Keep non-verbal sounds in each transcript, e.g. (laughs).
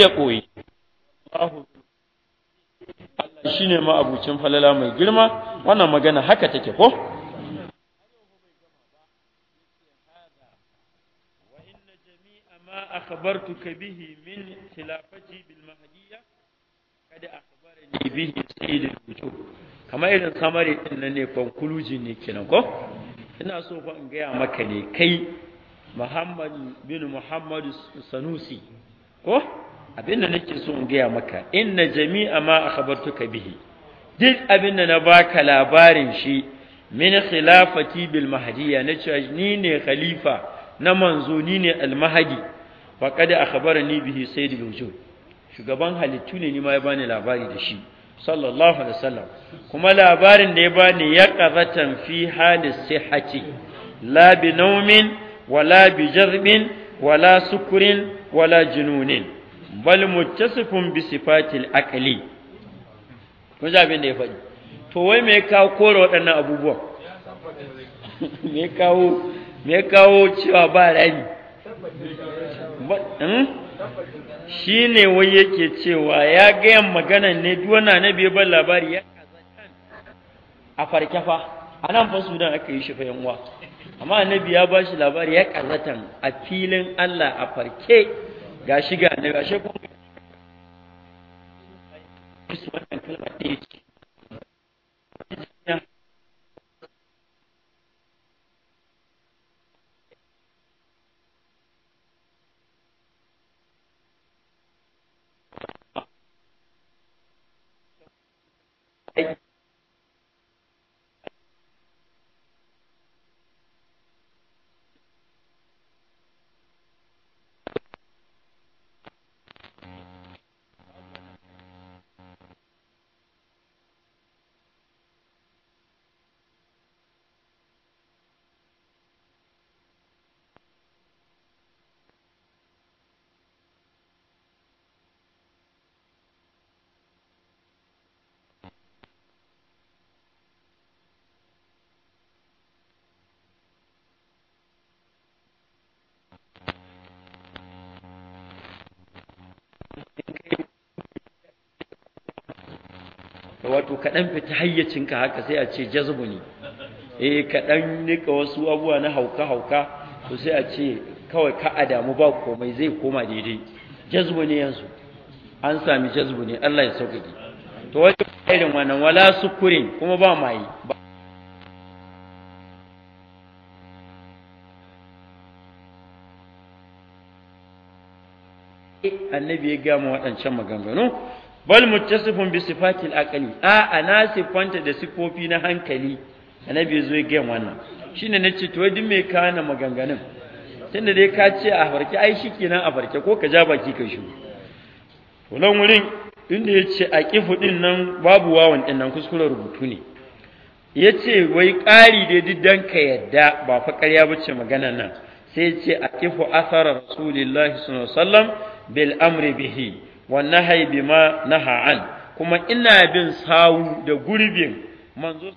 da koyi Allah shine ma abucin falala mai girma wannan magana haka take ko kama irin samari din nan ne konkuluji ne kenan ko ina so fa in gaya maka ne kai Muhammad bin Muhammad Sanusi ko da nake so in gaya maka inna jami'a ma akhbartuka bihi duk abinda na baka labarin shi min khilafati bil mahdiya na ni ne khalifa na manzo ni ne al mahdi faqad akhbarani bihi sayyidul wujud shugaban halittu ne ni ma ya bani labari da shi sallallahu alaihi wasallam kuma labarin da ya bani ya qazatan fi halis sihhati la bi naumin wala bi jazmin wala sukurin wala jununin bal muttasifun bi sifatil aqli ko ja abin da ya faɗi to wai me ya kawo kore waɗannan abubuwan (laughs) me kawo me kawo cewa ba rami hmm? shi ne wai yake cewa ya gayan maganan ne duk wani annabi ban labari ya a farke fa a nan fa dan aka yi shi fa yanwa amma annabi ya ba shi labari ya kallatan a filin Allah a farke ga shi ga ne ga kuma wannan kalma ɗaya ce wato kaɗan fita hayyacinka haka sai a ce jazbu ne eh kaɗan nika wasu abubuwa na hauka-hauka to sai a ce kawai ka a damu ba komai zai koma daidai jazbu ne yanzu an sami jazbu ne Allah ya sauƙaƙe to wato irin wannan wala sukurin kuma ba mai annabi ya gama waɗancan maganganu bal muttasifun bi sifatil aqli a ana sifanta da sifofi na hankali annabi zo ya gaya wannan shine nace to duk me kana maganganun tunda dai ka ce a farke ai shikenan a farke ko ka ja baki ka shi to nan wurin inda yace kifu din nan babu wawan din nan kuskuren rubutu ne yace wai ƙari dai diddan ka yadda ba fa ƙarya bace maganan nan sai yace kifu athara rasulullahi sallallahu alaihi wasallam bil amri bihi Wanne haibima na ha'an kuma ina bin sawu da gurbin manzo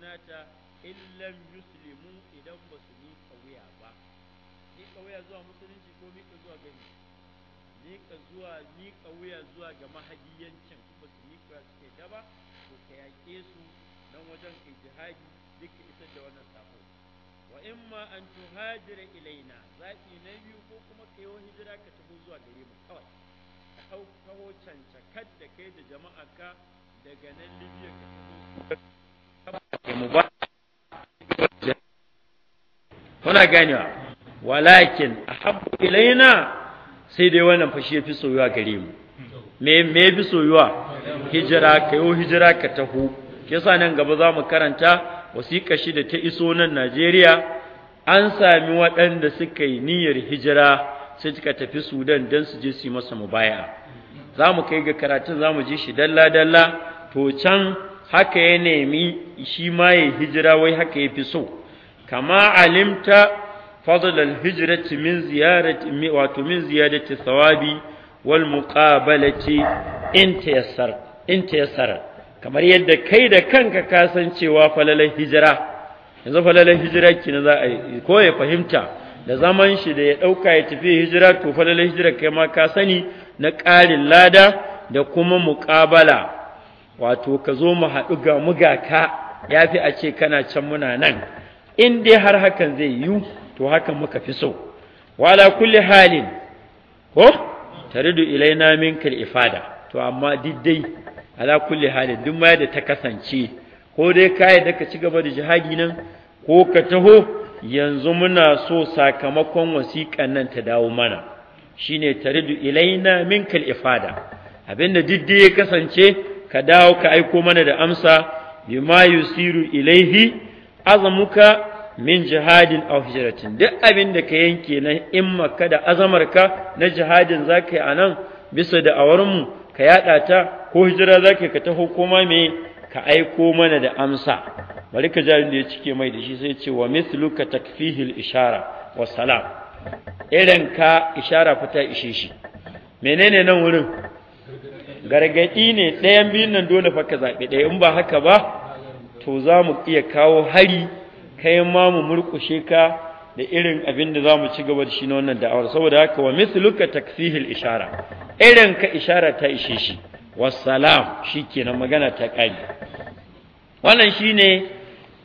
mu'minata illan muslimu idan ba su miƙa wuya ba ni wuya zuwa musulunci ko miƙa zuwa gani ka zuwa ni wuya zuwa ga mahadiyancin ba su miƙa suke ta ba to ka yake su nan wajen kai jihadi duka isar da wannan sako wa imma an tuhajira ilaina zaki na biyu ko kuma ka yi hijira ka tafi zuwa gare mu kawai ka hau kawo cancakar da kai da jama'a ka daga nan libya ka tafi Kuna ganewa walakin ahabbu ilaina sai dai wannan fashi fi soyuwa gare mu me me soyuwa hijira kayo hijira ka taho Ke sa nan gaba za mu karanta wasiƙa shi da ta iso nan Najeriya an sami waɗanda suka yi niyyar hijira sai suka tafi Sudan don su je su yi masa mubaya za mu kai ga karatun za mu je shi dalla dalla to can haka ya nemi shi ma ya hijira wai haka ya fi so kama alimta fadlal hijrati min ziyarati wato min ziyadati thawabi wal muqabalati in tayassar in tayassara kamar yadda kai da kanka ka san cewa falalar hijira yanzu falalar hijira kina za a ko ya fahimta da zaman shi da ya ɗauka ya tafi hijira to falalar hijira kai ma ka sani na ƙarin lada da kuma muƙabala wato ka zo mu haɗu ga muga ka ya fi a ce kana can muna nan in dai har hakan zai yiwu to hakan muka fi so wala kulli halin ko taridu ilaina minkal ifada to amma diddai ala kulli halin duk ma da ta kasance ko dai ka yadda ka ci gaba da jihadi nan ko ka taho yanzu muna so sakamakon wasiƙan nan ta dawo mana shine taridu ilaina minkal ifada abinda diddai ya kasance ka dawo ka aiko mana da amsa bima yusiru ilaihi azamuka min jihadin aw hijratin duk abin da ka yanke na immarka da azamarka na jihadin zaka yi anan bisa da awarmu ka yada ta ko hijira zaka ka taho koma me ka aiko mana da amsa bari ka jarin da ya cike mai da shi sai ce wa mithluka takfihil ishara wa salam irin ka ishara fa ta ishe shi menene nan wurin gargaɗi ne ɗayan biyun nan dole fa ka zaɓi ɗaya in ba haka ba to za mu iya kawo hari kai ma mu murƙushe ka da irin abin da za mu ci gaba da shi na wannan da'awar saboda haka wa misluka taksihil ishara irin ka ishara ta ishe shi wassalam shikenan magana ta ƙare wannan shine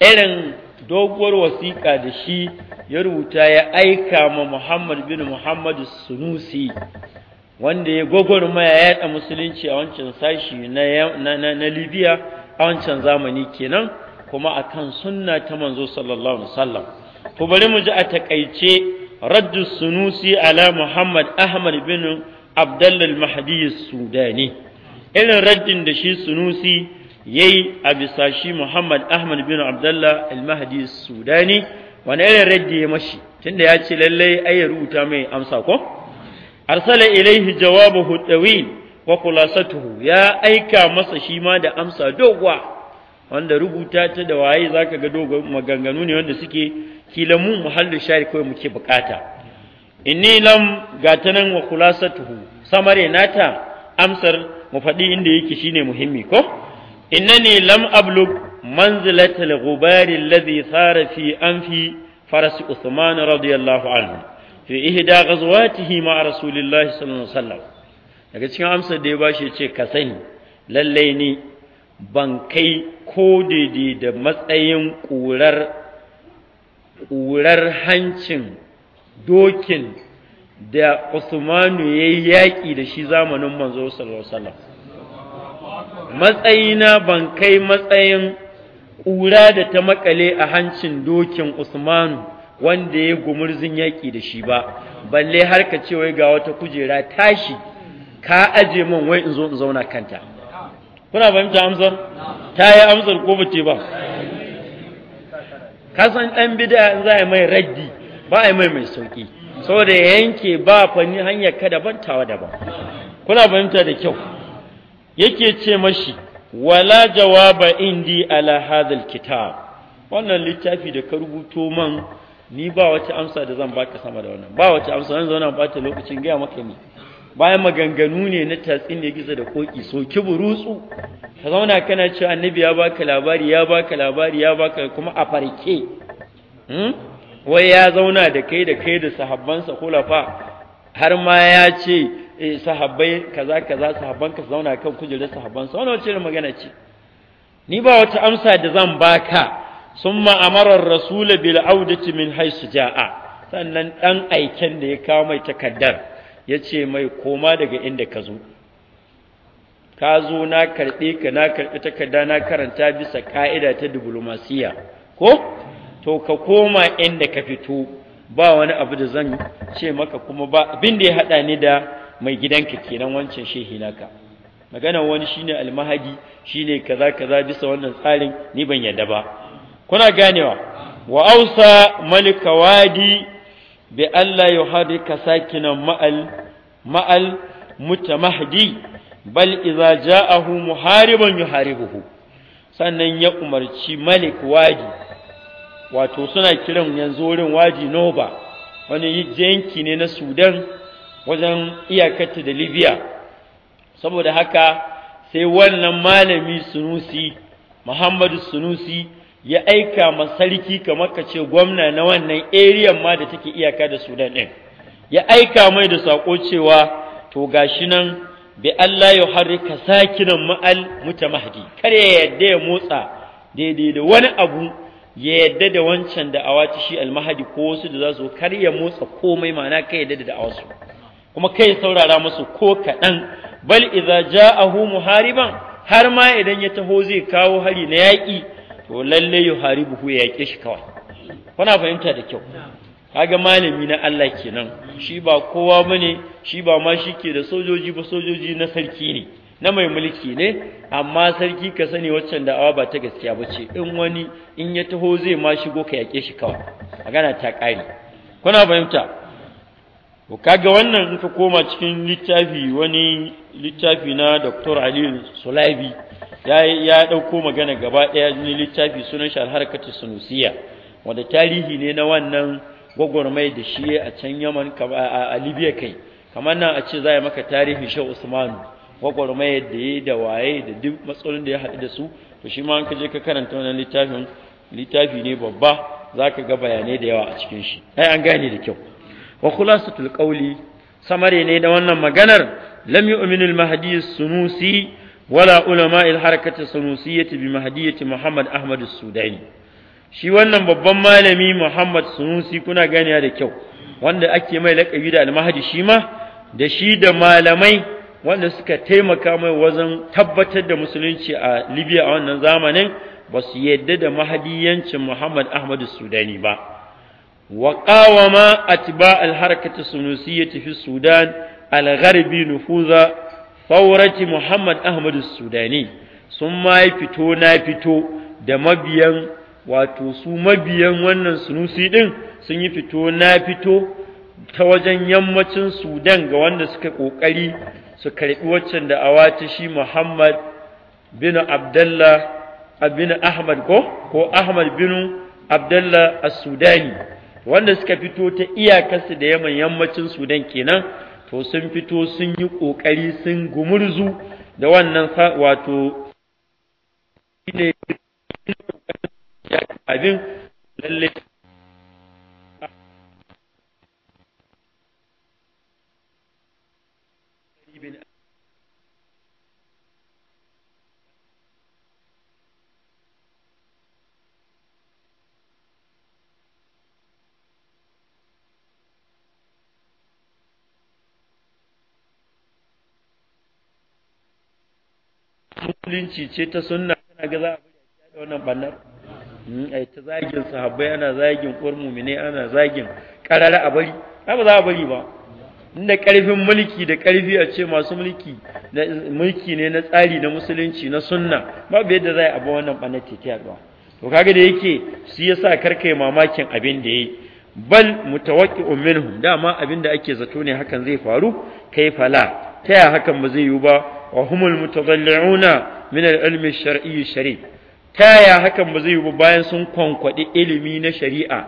irin doguwar wasiƙa da shi ya rubuta ya aika ma Muhammad bin Muhammad Sunusi wanda ya gwagwarmaya ya yaɗa musulunci a wancan sashi na libya a wancan zamani kenan kuma a kan sunna ta manzo sallallahu alaihi wasallam to bari mu ji a takaice raddu sunusi ala muhammad ahmad bin abdallal mahdi sudani irin raddin da shi sunusi yayi a bisa shi muhammad ahmad bin abdallah al mahdi sudani wani irin raddi ya mashi tunda ya ce lallai ai rubuta mai amsa ko arsala ilaihi jawabahu tawil wa khulasatuhu ya aika masa shima da amsa dogwa wanda rubuta ta da waye zaka ga dogon maganganu ne wanda suke kila mu muhallu shari kawai muke bukata inni lam nan wa khulasatuhu samare nata amsar mu faɗi inda yake shine muhimmi ko ne lam ablug manzilatal ghubari alladhi sara fi anfi farasi Uthman radiyallahu anhu fi ihda ghazwatihi ma rasulillahi sallallahu alaihi wasallam daga cikin amsar da ya bashi ce ka sani lalle ni ban kai ko daidai da matsayin ƙurar ƙurar hancin dokin da Usmanu yayi yaƙi da shi zamanin manzo sallallahu alaihi wasallam matsayina ban kai matsayin ƙura da ta makale a hancin dokin Usmanu wanda ya gumurzin yaƙi da shi ba balle har ka ce wai ga wata kujera tashi ka aje min wai in zo in zauna kanta kuna fahimta amsar ta yi amsar ko bace ba kasan ɗan bida in za a yi mai raddi ba a yi mai mai sauƙi saboda yanke ba fanni hanyar ka daban tawa daban kuna fahimta da kyau yake ce mashi wala jawaba indi ala hadal kitab wannan littafi da ka rubuto man ni ba wace amsa da zan baka sama da wannan ba wace amsa zan zauna bata lokacin gaya maka ni bayan maganganu ne na tatsin ne gizo da koki so kiburutsu ka zauna kana cewa annabi ya baka labari ya baka labari ya baka kuma a farke hmm? wai ya zauna da kai da kai da sahabbansa kulafa har ma ya ce eh, sahabbai kaza kaza sahabban ka zauna kan kujerar sahabbansa wannan wace magana ce ni ba wata amsa da zan baka summa amara rasul bil audati min haisu ja'a sannan dan aiken da ya kawo mai takaddar yace mai koma daga inda ka zo ka zo na karbe ka na karbi takarda na karanta bisa ka'ida ta diplomasiya ko to ka koma inda ka fito ba wani abu da zan ce maka kuma ba abin da ya hada ni da mai gidanka kenan wancan shehi naka magana wani shine almahadi shine kaza kaza bisa wannan tsarin ni ban yadda ba kuna ganewa wa ausa malika wadi bi Allah yuharrika sakinan ma'al ma'al mutamahdi bal idza ja'ahu muharibun yuharibuhu sannan ya umarci malik wadi wato suna kiran yanzu wurin wadi noba wani yanki ne na sudan wajen iyakarta da libya saboda haka sai wannan malami sunusi muhammadu sunusi ya aika ma sarki kamar ka ce gwamna na wannan area ma da take iyaka da Sudan ɗin. ya aika mai da sako cewa to gashi nan bi Allah ya harrika sakinan ma'al mutamahdi kar ya yadda ya motsa daidai da wani abu ya yadda da wancan da awaci shi almahadi ko wasu da za su kar ya motsa komai ma'ana kai yadda da awasu kuma kai saurara musu ko kaɗan bal idza ja'ahu muhariban har ma idan ya taho zai kawo hari na yaƙi to lalle yuharibuhu ya yake shi kawai kuna fahimta da kyau kaga malami na Allah kenan shi ba kowa bane shi ba ma shike da sojoji ba sojoji na sarki ne na mai mulki ne amma sarki ka sani waccan awa ba ta gaskiya ba ce in wani in ya taho zai ma shigo ka yake shi kawai magana ta kare kuna fahimta to kaga wannan in ka koma cikin littafi wani littafi na Dr. Aliyu Sulaibi ya ɗauko magana gaba ɗaya ne littafi sunan shi alharkatu sunusiya wanda tarihi ne na wannan gwagwarmai da shi a can yaman a libya kai kamar nan a ce za a maka tarihin shi usman gwagwarmai da ya da waye da duk matsalolin da ya haɗu da su to shi ma an ka ka karanta wannan littafin littafi ne babba za ka ga bayanai da yawa a cikin shi ai an gane da kyau wa khulasatul qawli samare ne da wannan maganar lam yu'minul mahdi sunusi wala ulama il harakati sanusiyyati bi mahdiyyati Muhammad Sudani shi wannan babban malami Muhammad Sunusi kuna ganiya da kyau wanda ake mai laƙabi da almahadi shi ma da shi da malamai wanda suka taimaka mai wajen tabbatar da musulunci a Libya a wannan zamanin ba su yadda da mahadiyancin Muhammad Ahmad Sudani ba wa qawama atba al harakati sunusiyyati fi Sudan al gharbi nufuza faurati Muhammad Ahmadu Sudani sun ma yi fito na fito da mabiyan wato su mabiyan wannan sunusi ɗin sun yi fito na fito ta wajen yammacin Sudan ga wanda suka ƙoƙari su karɓi waccan da a wata shi Muhammad bin Abdullah bin Ahmad ko ko Ahmad bin Abdullah a sudani wanda suka fito ta iyakarsu da yaman yammacin Sudan kenan to sun fito sun yi ƙoƙari sun gumurzu da wannan wato ne abin lallai musulunci ce ta sunna kana ga za a bari da wannan bannar hmm, ai ta zagin sahabbai ana zagin uwar mumine ana zagin karara a bari ba za a bari ba inda karfin mulki da karfi a ce masu mulki mulki ne na tsari na musulunci na sunna ba yadda za a ba wannan bannar titiyar ba to kaga da yake shi yasa karkai mamakin abin da yayi bal mutawaqqi'un minhum dama abin da ake zato ne hakan zai faru kai fala Ta yaya hakan ba zai yiwu ba wa humul mutadalli'una min al-ilmi shar'i shari ta yaya hakan ba zai yi bayan sun kwankwaɗi ilimi na shari'a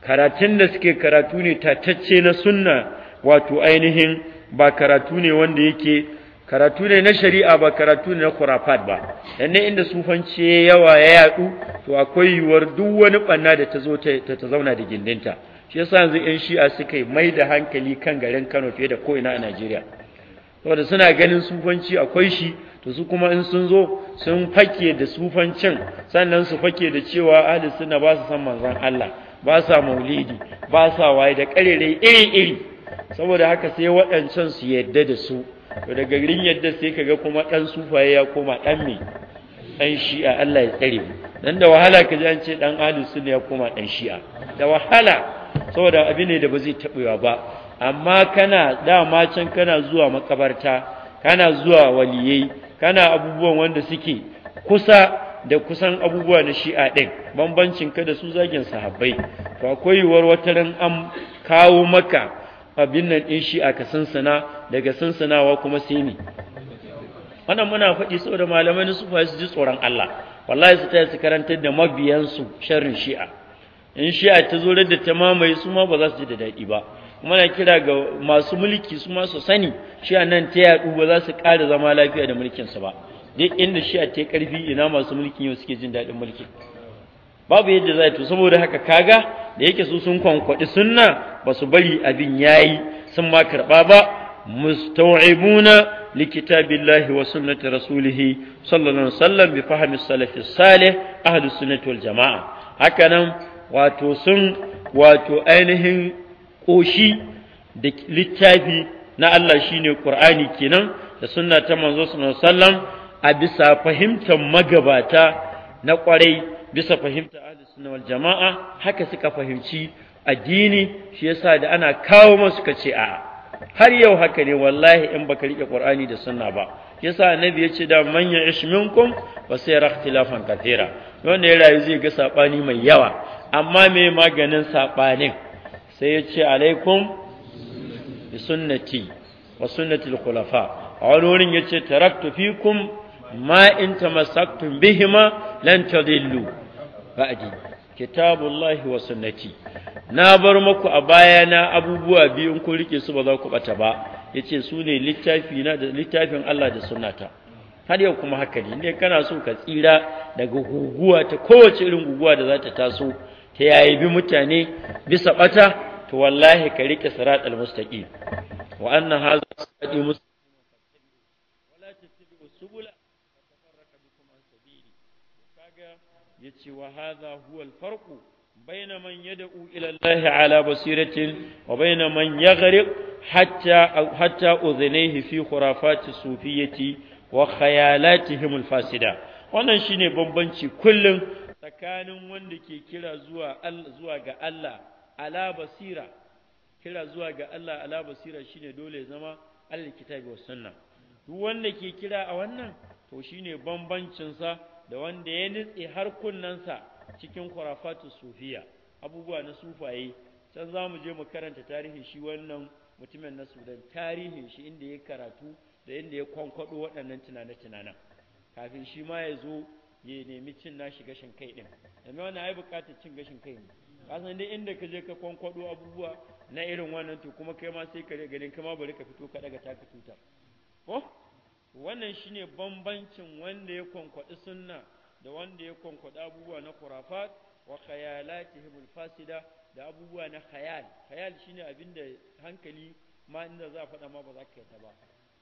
karatun da suke karatu ne tatacce na sunna wato ainihin ba karatu ne wanda yake karatu ne na shari'a ba karatu ne na kurafat ba dan inda sufanci yawa ya yadu to akwai yiwuwar duk wani banna da ta zo ta ta zauna da gindinta shi yasa yanzu yan shi'a suka mai da hankali kan garin Kano fiye da ko ina a Najeriya saboda suna ganin sufanci akwai shi to su kuma in sun zo sun fake da sufancin sannan su fake da cewa ahli sunna ba su san manzon Allah ba sa maulidi ba sa waye da karere iri-iri saboda haka sai waɗancan su yadda da su to daga garin yadda sai kaga kuma ɗan sufaye ya koma ɗan mai ɗan shi'a Allah ya tsare mu dan da wahala ka ji an ce ɗan ahli sunna ya koma ɗan shi'a da wahala saboda abin ne da ba zai taɓewa ba amma kana dama can kana zuwa makabarta kana zuwa waliyai kana abubuwan wanda suke kusa da kusan abubuwa na shi'a ɗin bambancin ka da su zagin sahabbai to akwai yiwuwar wata ran an kawo maka abin nan ɗin shi'a ka sansana daga sansanawa kuma sai ne wannan muna faɗi saboda malamai na fa su ji tsoron Allah wallahi su taya su karantar da mabiyansu sharrin shi'a in shi'a ta zo da ta mamaye su ma ba za su ji da daɗi ba muna kira ga masu mulki su ma sani shi a nan ta yaɗu ba za su ƙara zama lafiya da mulkinsu ba duk inda shi a ta ƙarfi ina masu mulki yau suke jin daɗin mulki babu yadda za to saboda haka kaga da yake su sun kwankwaɗi sunna ba su bari abin yayi sun ma karɓa ba mustau'ibuna likitabillahi wa sunnati rasulih sallallahu alaihi wasallam bi fahmi salafi salih ahlus sunnati wal jamaa hakanan wato sun wato ainihin Koshi da littafi na Allah shi ne ƙur'ani kenan da sunna ta manzo sallam a bisa fahimtar magabata na ƙwarai bisa fahimtar ahli sunna wal jama'a haka suka fahimci addini shi yasa da ana kawo masu kace ce a har yau haka ne wallahi in baka rike ƙur'ani da sunna ba yasa annabi ya ce da manyan ishminkum minkum wa sayara ikhtilafan kathira wanda ya rayu zai ga sabani mai yawa amma me maganin sabanin sai ya ce alaikum bi sunnati wa sunnati al-khulafa a wani wurin ya ce taraktu fikum ma in tamassaktum bihima lan tadillu ba'di kitabullahi wa sunnati na bar muku a baya na abubuwa biyu in kun rike su ba za ku bata ba yace su ne littafi na da littafin Allah da sunnata har yau kuma haka ne kana so ka tsira daga guguwa ta kowace irin guguwa da za ta taso ta yayi bi mutane bisa bata to wallahi ka rike sirat al-mustaqim wa anna hadha sirati mustaqim wala tattabi'u subula fatafarraqa bikum an sabili kaga yace wa hadha huwa al-farq bayna man yad'u ila Allah ala basiratin wa baina man yaghriq hatta hatta udhinihi fi khurafati sufiyyati wa khayalatihim al-fasida wannan shine bambanci kullum tsakanin wanda ke kira zuwa zuwa ga Allah ala basira kira zuwa ga Allah ala basira shine dole ya zama alal kitabi sunna duk wanda ke kira a wannan to shine bambancin sa da wanda ya nitse har kunnansa cikin khurafatu sufiya abubuwa na sufaye can za mu je mu karanta tarihin shi wannan mutumin na Sudan tarihin shi inda ya karatu da inda ya kwankwado waɗannan tunane-tunanen kafin shi ma ya zo ya nemi cin nashi gashin kai din amma wannan ai bukatar cin gashin kai ne Kasan dai inda ka je ka kwankwado abubuwa na irin wannan to kuma kai ma sai ka ganin kama bari ka fito ka daga taka tuta. ko wannan shine bambancin wanda ya kwankwadi sunna da wanda ya kwankwadi abubuwa na khurafat wa khayalatihim fasida da abubuwa na khayal khayal shine abinda hankali ma inda za a faɗa ma ba za ka yi ta ba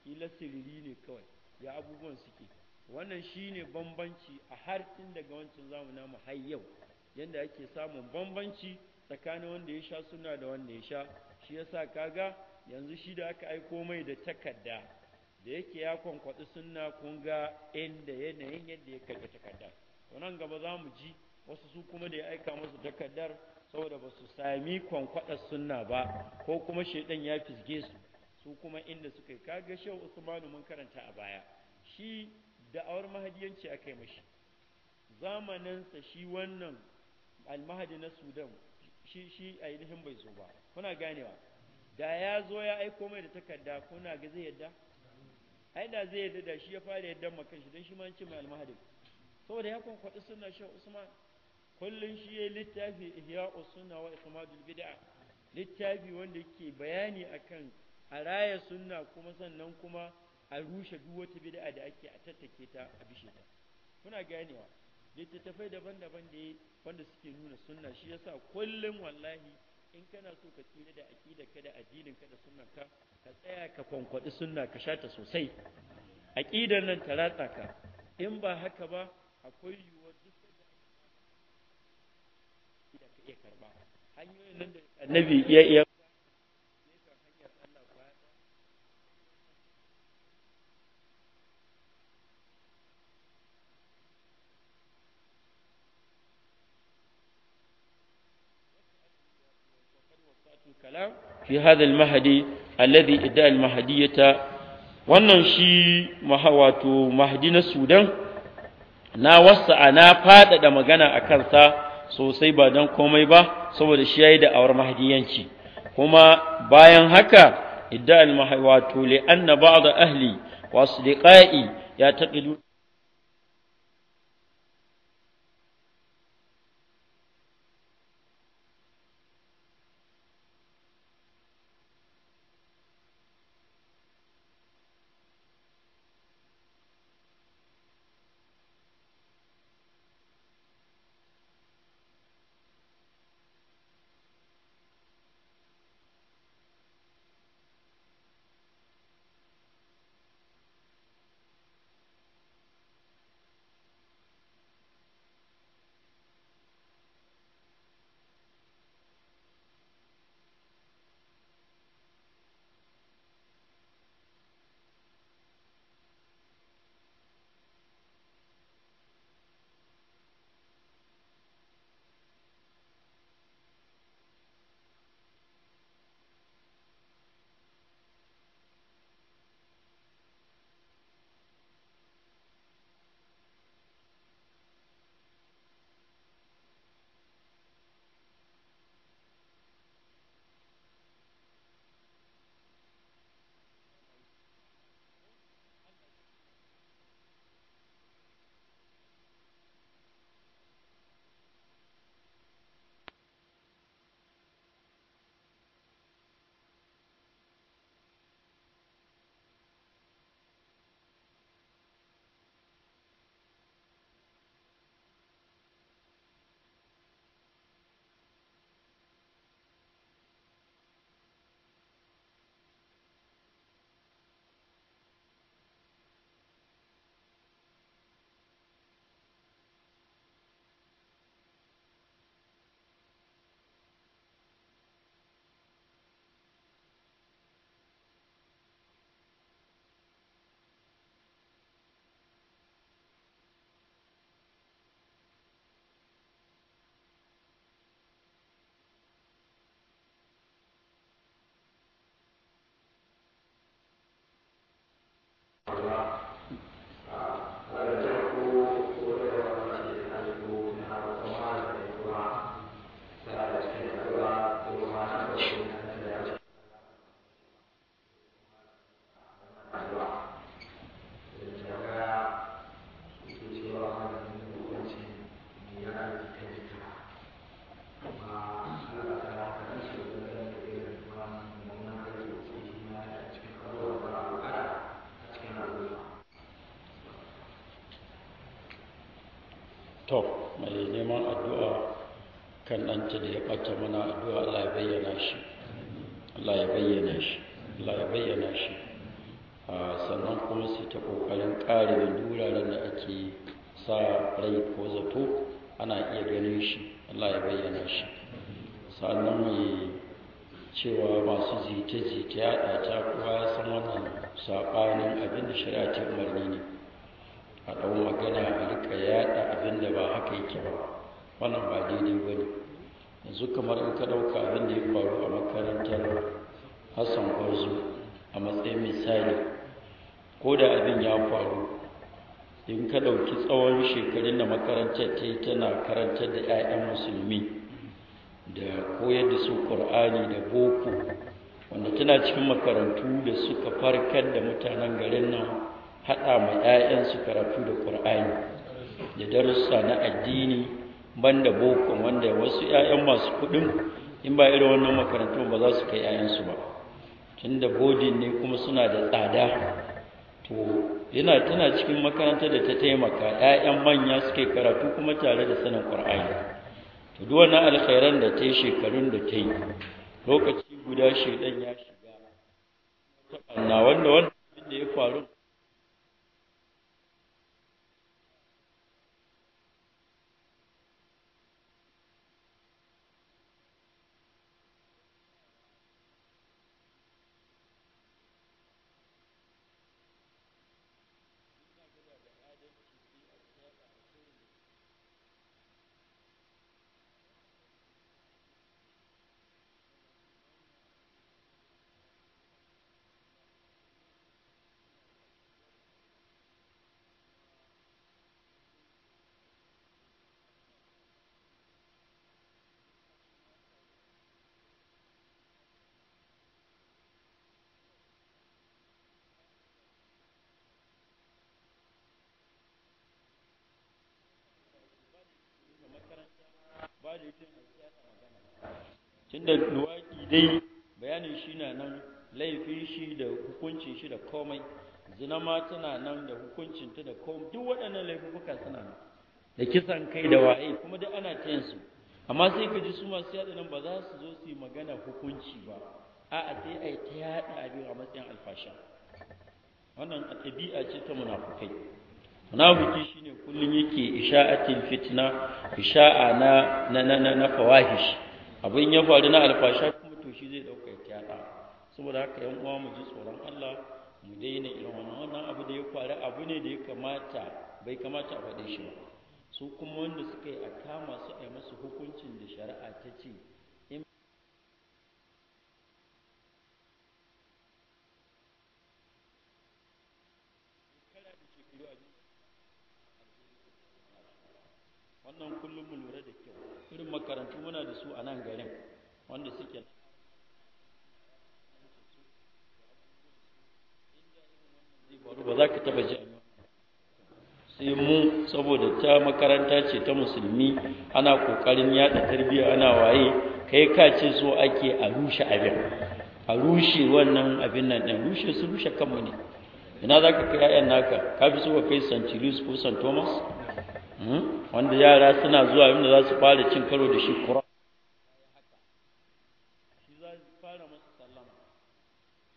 kila siriri ne kawai ya abubuwan suke wannan shine bambanci a har tun daga wancan zamuna mu har yau yanda ake samun bambanci tsakanin wanda ya sha suna da wanda ya sha shi yasa kaga yanzu shi da aka aiko mai da takarda da yake ya kwankwadi sunna kun ga inda yanayin yadda ya karɓi takarda wannan gaba za mu ji wasu su kuma da ya aika musu takardar saboda ba su sami kwankwaɗar sunna ba ko kuma shaidan ya fisge su su kuma inda suka yi kaga shehu usmanu mun karanta a baya shi da'awar mahadiyanci aka yi mashi zamaninsa shi wannan almahadi na sudan shi shi ainihin bai zo ba kuna ganewa da ya zo ya aiko mai da takarda kuna ga zai yadda ai da zai yadda da shi ya fara yadda makan shi don shi ma ce mai almahadi. saboda ya kun kwaɗi suna shi usman kullum shi ya littafi ihya usuna wa ikmadul bid'a littafi wanda ke bayani akan a raya sunna kuma sannan kuma a rushe duk wata bid'a da ake a tattake ta a bishe ta kuna ganewa littattafai daban-daban da wanda suke nuna sunna shi yasa kullum wallahi in kana so ka tsira da aqida ka da addinin ka da sunnar ka ka tsaya ka kwankwadi sunna ka shata sosai aqidar nan ta ratsa ka in ba haka ba akwai yiwuwar duk da ka iya karba hanyoyin nan da annabi iya iya fi mahadi al-mahdi alladhi mahadi al-mahdiyata wannan shi wato mahdi na Sudan na wasa'a na faɗaɗa magana a kansa sosai ba don komai ba saboda shi yayi da awar mahdiyanci kuma bayan haka idda al-mahdi wato li anna ba'd ahli wasu asdiqai ya taqidu not kan ɗanta da ya ɓata mana addu'a Allah ya bayyana shi Allah ya bayyana shi Allah ya bayyana shi sannan kuma su ta ƙoƙarin ƙare da duraren da ake sa rai ko zato ana iya ganin shi Allah ya bayyana shi sannan mai cewa masu zita-zita ya ɗata kuma ya san wannan saɓanin abin da shari'a ta umarni ne a ɗau magana a rika yaɗa abin da ba haka yake ba wannan ba daidai ba ne yanzu kamar in ka ɗauka abin da ya faru a makarantar hassan kwarzo a matsayin misali ko da abin ya faru in ka ɗauki tsawon shekarun da makarantar ta yi tana karantar da 'ya'yan musulmi da koyar da su ƙur'ani da boko wanda tana cikin makarantu da suka farkar da mutanen garin nan haɗa ma 'ya'yansu karatu da ƙur'ani da darussa na addini banda boko wanda wasu 'ya'yan masu kuɗin in ba irin wannan makarantu ba za su kai 'ya'yansu ba tunda bodin ne kuma suna da tsada to yana tana cikin makarantar da ta taimaka 'ya'yan manya suke karatu kuma tare da sanin qur'ani to duk wannan alkhairan da ta yi shekarun da ta yi lokaci guda shedan ya shiga ta wanda wanda ya faru tunda luwaki dai bayanin shi na nan laifin shi da hukuncin shi da komai zina ma tana nan da hukuncin ta da komai duk waɗannan laifuka suna nan da kisan kai da waye kuma duk ana ta su amma sai ka ji su masu yaɗa nan ba za su zo su yi magana hukunci ba a'a sai a yi ta yaɗa abin a matsayin alfasha wannan ɗabi'a ce ta munafukai munafiki shine kullun yake isha'atil fitna isha'a na na na na fawahish abin ya faru na alfasha kuma to shi zai dauka kyada saboda haka yan uwa mu ji tsoron Allah mu daina irin wannan wannan abu da ya faru abu ne da ya kamata bai kamata a faɗe shi ba su kuma wanda suka yi a kama su a yi hukuncin da shari'a ta ce wannan kullum mu lura da kyau irin makarantu muna da su a nan garin wanda suke ba za ka taba sai mu saboda ta makaranta ce ta musulmi ana kokarin yada tarbiyya ana waye kai ka ce so ake a rushe abin a rushe wannan abin nan din rushe su rushe kanmu ne ina za ka kai 'ya'yan naka ka fi so ka kai st louis ko st thomas Hmm? wanda yara suna zuwa inda za su fara cin karo da shi kura shi za su fara masa sallama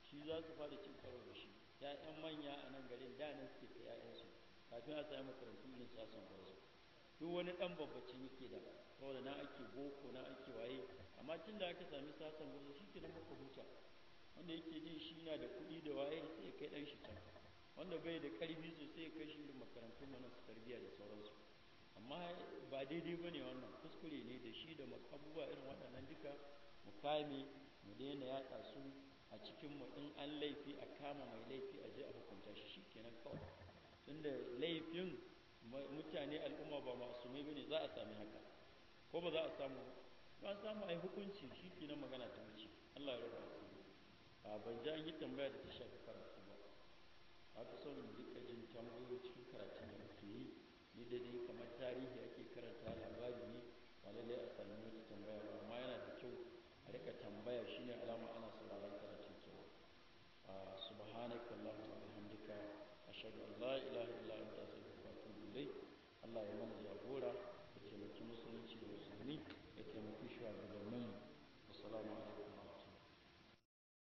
shi za su fara cin karo da shi ya'yan manya a nan garin da nan suke da ya'yansu kafin a sami makarantun irin su asan duk wani dan babbacin yake da saboda na ake boko na ake waye amma tun da aka sami sasan kwarsu shi ke nan muka wanda yake jin shi na da kuɗi da waye wanda bai da karfi sosai ya kai shi irin makarantun mana su tarbiyya da sauransu amma ba daidai ba ne wannan kuskure ne da shi da abubuwa irin waɗannan duka mu kame mu daina yaɗa su a cikin mu in an laifi a kama mai laifi a je a hukunta shi shi kenan kawai tunda laifin mutane al'umma ba masu mai bane za a sami haka ko ba za a samu ba samu ai hukunci shi kenan magana ta wuce Allah ya rubuta ban ji an yi tambaya da ta shafi karatu na fi son rika jin tambayoyi cikin karatun da muke yi ni da dai kamar tarihi ake karanta labari ne ba lallai a sami wata tambaya ba amma yana da kyau a rika tambaya shi ne alama ana sauraron karatun kyau, ah, subhanaka allahumma wa bihamdika ashhadu an la ilaha illa anta astaghfiruka wa atubu ilayk Allah ya mana jagora